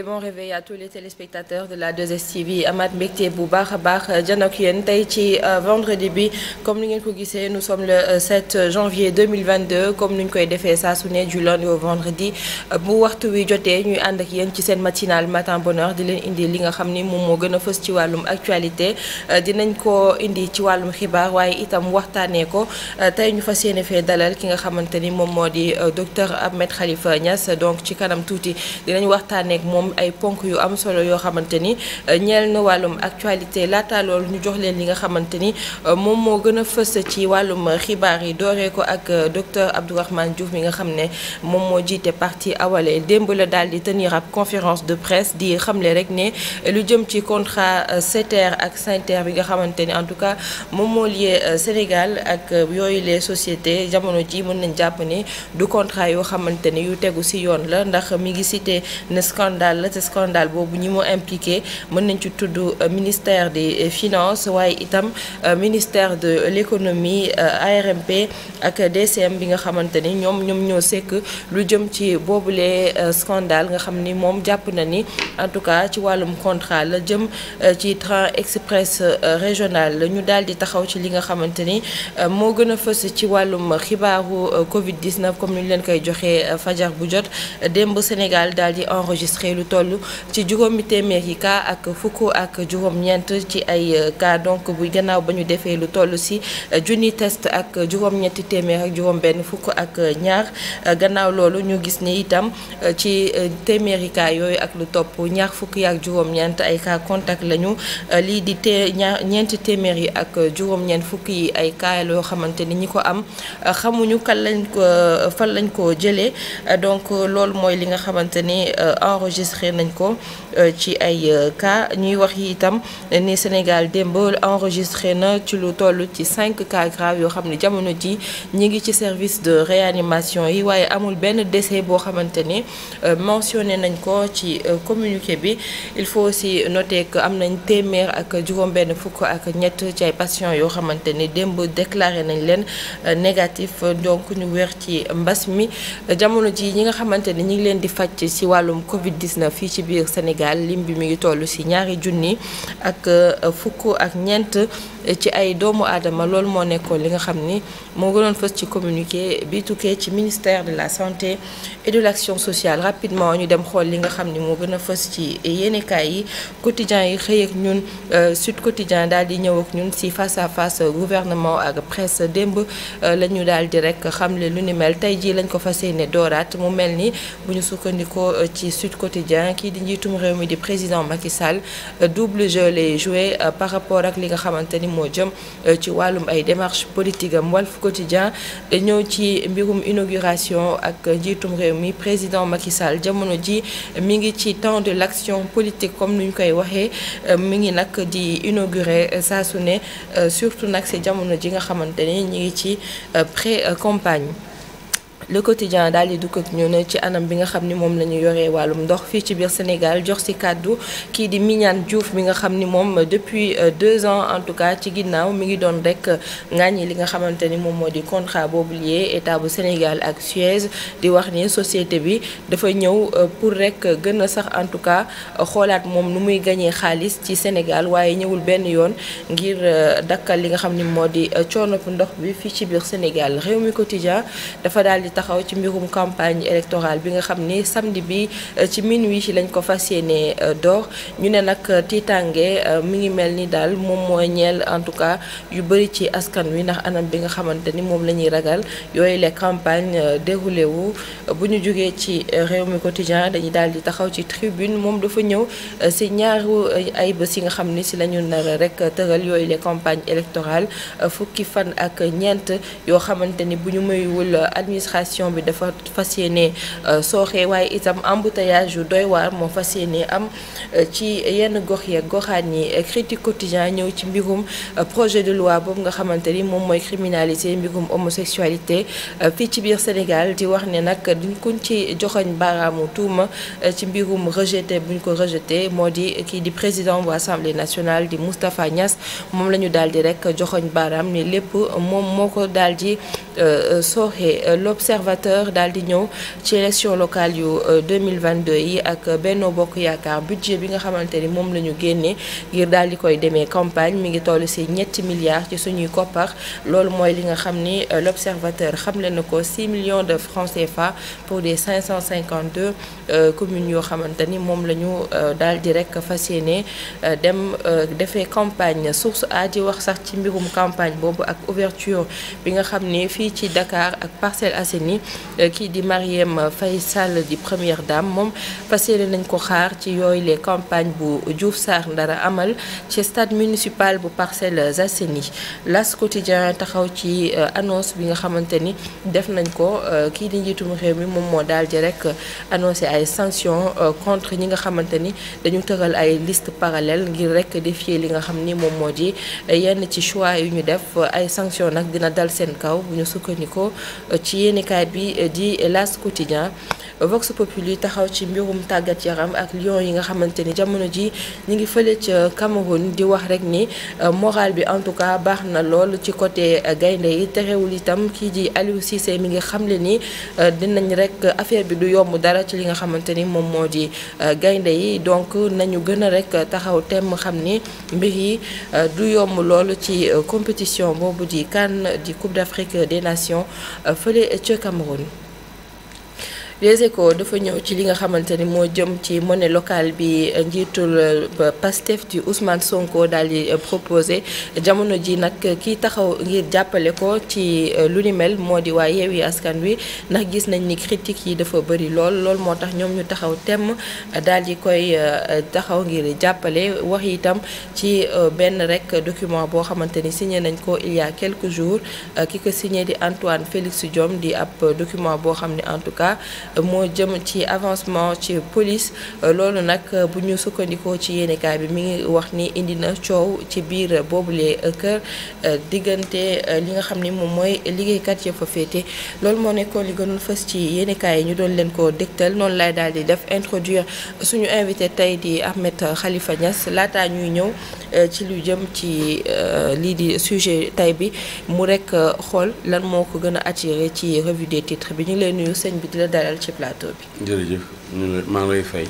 bon réveil à tous les téléspectateurs de la 2STV amaat mbégte bu baax a baax euh, janok yéen tey ci euh, vendredi bi comme ni ngeen ko gisee nous sommes le 7 euh, janvier 2022 comme ni koy defee saa su ne du lundi vendredi bu waxtu wi jotee ñuy ànd ak yéen ci seen matinal matin bonheur di leen indi li nga xam ni moom moo gën a fës ci wàllum actualité dinañ ko indi ci wàllum xibaar waaye itam waxtaanee ko tey ñu fas yéene fee dalal ki nga xamante ni moom moo di docteur Ahmed Khalifa Niass donc ci kanam tuuti moom ay ponk yu am solo yoo xamante ni euh, ñeel na wàllum actualité laata loolu ñu jox leen li nga xamante ni euh, moom moo gën a fës ci wàllum xibaar yi dooree ko ak euh, docteur Abdourahmane Diouf mi nga xam ne moom moo jiite parti Awalé démb la daal di tenir ab conférence de presse di xamle rek ne lu jëm ci contrat SETER ak SENTER bi nga xamante ni en tout cas moom moo lié Sénégal ak yooyu les sociétés jamono ji mën nañ jàpp ni du contrat yoo xamante ni yu tegu ci yoon scandale la te scandale boobu ñi moo impliqué mën nañ ci tudd euh, ministère des finance waaye itam euh, ministère de l'économie euh, ARMP ak DCM bi nga xamante ni ñoom ñoom ñoo sekk lu jëm ci boobu boobule scandale nga xam ni moom jàpp na ni en tout cas ci wàllum contrat la jëm ci train express régional ñu daal di taxaw ci li nga xamante ni moo gën a fës ci wàllum xibaaru Covid 19 comme ni ñu leen koy joxee fajar bu jot démb Sénégal daal di lu toll ci juróomi téeméer yi ak fukk ak juróom-ñeent ci ay euh, cas donc bu gannaaw ba ñu defee lu toll si euh, junni test ak juróom-ñetti téeméer ak juróom-benn fukk ak euh, ñaar gannaaw loolu ñu gis ni itam ci téeméeri cas yooyu ak lu topp ñaar fukk yi ak juróom-ñeent ay cas contact lañu lii di tee ñaar ñeenti téeméer yi ak juróom-ñeent fukk yi ay cas loo xamante ni ñi ko am xamuñu kan lañ ko fan lañ ko jëlee donc loolu mooy li nga xamante ni enregistré nañ ko Euh, ci ay euh, cas ñuy wax yi itam ni Sénégal démb enregistré na ci lu toll ci cinq cas graves yoo xam ne jamono ji ñi ngi ci service de réanimation yi waaye amul benn décès boo xamante ni euh, mentionné nañ ko ci communiqué bi il faut aussi noter am nañ téeméer ak juróom-benn fukk ak ñett ci ay patients yoo xamante ni démb déclarer nañ leen négatif donc ñu wér ci mbas mi jamono ji ñi nga xamante ni ñi ngi leen di faj ci wàllum Covid 19 fii ci biir Sénégal. Sénégal lim bi mu ngi toll ci ñaari junni ak euh, fukk ak ñeent ci ay doomu aadama loolu moo nekkoon li nga xam ni moo gënoon fës ci communiqué bi tukkee ci ministère de la santé et de l'action sociale rapidement ñu dem xool li nga xam ni moo gën a fës ci yéenekaay yi quotidien yi xëy ak ñun euh, Sud Quotidien daal di ñëw ñun si face à face gouvernement ak presse démb euh, la ñu daal di rek xamle lu ni mel tey jii lañ ko fas yéene dooraat mu mel ni bu ñu sukkandikoo euh, ci Sud Quotidien kii di njiitum réew mi di président Macky Sall moo jëm euh, ci wàllum ay démarche politique am Walf Quotidien euh, ñëw ci mbirum inauguration ak njiitum réew mi président Macky Sall jamono ji mi ngi ci temps de l'action politique comme ñu koy waxee euh, mi ngi nag di inaugurer saa su ne surtout nag si jamono ji nga xamante ni ñi ngi ci pré campagne le quotidien daal di dugg ak ñun ci anam bi nga xam ni moom la ñu yoree wàllum ndox fii ci biir Sénégal jox si kàddu kii di Mignane juuf bi nga xam ni moom depuis euh, deux ans en tout cas ci ginnaaw mi ngi doon rek euh, ŋàññi li nga xamante ni moom moo di contrat boobu lié état bu Sénégal ak Suez di wax ni société bi dafa ñëw euh, pour rek gën sax en tout cas xoolaat moom nu muy gañee xaalis ci Sénégal waaye ñëwul benn yoon ngir dakkal li nga xam ni moo di coono ndox bi fii ci biir Sénégal réew mi quotidien dafa daal di tax taxaw ci mbirum campagne électorale xam ni samedi bi euh, ci minuit lañ ko fas yéenee euh, door ñu ne nag euh, tiitange mi ngi mel ni daal moom mooy ñeel en tout cas yu bëri ci askan wi ndax anam bi nga xamante ni moom la ñuy ragal yooyu les campagnes déroulé wu bu ñu jógee ci réew mi quotidien dañuy daal di taxaw ci tribune moom dafa ñëw si ñaaru ay bés yi nga xam ni si la ñu nar rek tëral yooyu les campagnes électorales fukki fan ak ñeent yoo xamante bu ñu mayuwul administration circulation bi dafa fas yéene euh, sooxee waaye itam embouteillage yu doy waar moo fas yéene am euh, ci yenn gox yeeg goxaat ñi euh, critique quotidien ñëw ci mbirum projet de loi boobu nga xamante ni moom mooy criminaliser mbirum homosexualité fii ci biir Sénégal di wax ne nag duñ kuñ ci joxoñ baaraamu tuuma ci mbirum rejeté buñ ko rejeté moo di kii di président bu assemblée nationale di Moustapha Niass moom la ñu di rek joxoñ baaraam ni lépp moom moo ko daal sooxee l'observateur daal di ñëw ci élection locale yu 2022 euh, yi ak euh, Benno Bokk Yaakaar budget bi nga xamante ni moom la ñu génnee ngir daal di koy demee campagne mi ngi toll si ñetti milliards ci suñuy koppar loolu mooy li nga xam ni euh, l'observateur xamle na ko 6 millions de francs CFA pour des 552 communes yoo xamante ni moom la ñu daal di rek fas yéene dem defee campagne source a di wax sax ci mbirum campagne boobu ak ouverture bi nga xam ni fii ci Dakar ak Parcelles Assainies ni eh, kii di Mariem Faye Sall di première dame moom fas yéene nañ ko xaar ci yooyu les campagne bu Diouf saar ndara amal ci stade municipal bu Parcelles Assainies L'As Quotidien taxaw ci eh, annonce bi nga xamante ni def nañ ko eh, kii di njiitum réew mi moom moo daal di rek annoncé ay sanctions contre ñi nga xamante ni dañu tëgal ay liste parallèle ngir rek défier li nga xam ni moom moo di yenn ci choix yu ñu def ay sanctions nag dina dal seen kaw bu ñu sukkandikoo ci yéenekaay bi di L'As Quotidien Vox Populi taxaw ci mbirum tàggat yaram ak Lions yi nga xamante ni jamono ji ñu ngi fële ca Cameroun di wax rek ni euh, moral bi en tout cas baax na lool ci côté euh, gaynde yi terewul itam kii di Aliou Cissé mi ngi xamle ni euh, dinañ rek affaire bi du yomb dara ci li nga xamante ni moom moo di gaynde yi donc nañu gën a rek taxaw temm xam ni mbir yi du yomb lool ci compétition boobu di kann di Coupe d'Afrique des Nations fële ca Cameroun les échos dafa ñëw ci li nga xamante ni moo jëm ci monnaie local bi njiitul euh, Pastef di Ousmane Sonko daal di euh, proposé jamono ji nag kii taxaw ngir jàppale ko ci euh, lu ni moo di waa Yewwi Askan Wi ndax gis nañ ni critiques yi dafa bëri lool lool moo tax ñoom ñu taxaw temm daal di koy taxaw ngir jàppale wax itam ci benn rek document boo xamante ni signé nañ ko il y a jours ki ko signé di Antoine Félix Diome di ab document boo xam ne en tout cas moo jëm ci avancement ci police loolu nag bu ñu sukkandikoo ci yéenekaay bi mi ngi wax ni indi na coow ci biir boobule kër diggante li nga xam ni moom mooy liggéeykat ya fa féete loolu moo nekkoon li gënul fës ci yéenekaay yi ñu doon leen ko dégtal noonu lay daal di def introduire suñu invité tey di Ahmed Khalifa Niass laataa ñuy ñëw. Euh, ci lu jëm ci euh, lii di sujet tay bi mu rek euh, xool lan moo ko gën a attiré ci revue des bi ñu ngi lay nuyu sëñ bi di la dalal ci plateau bi. jërëjëf ñu maa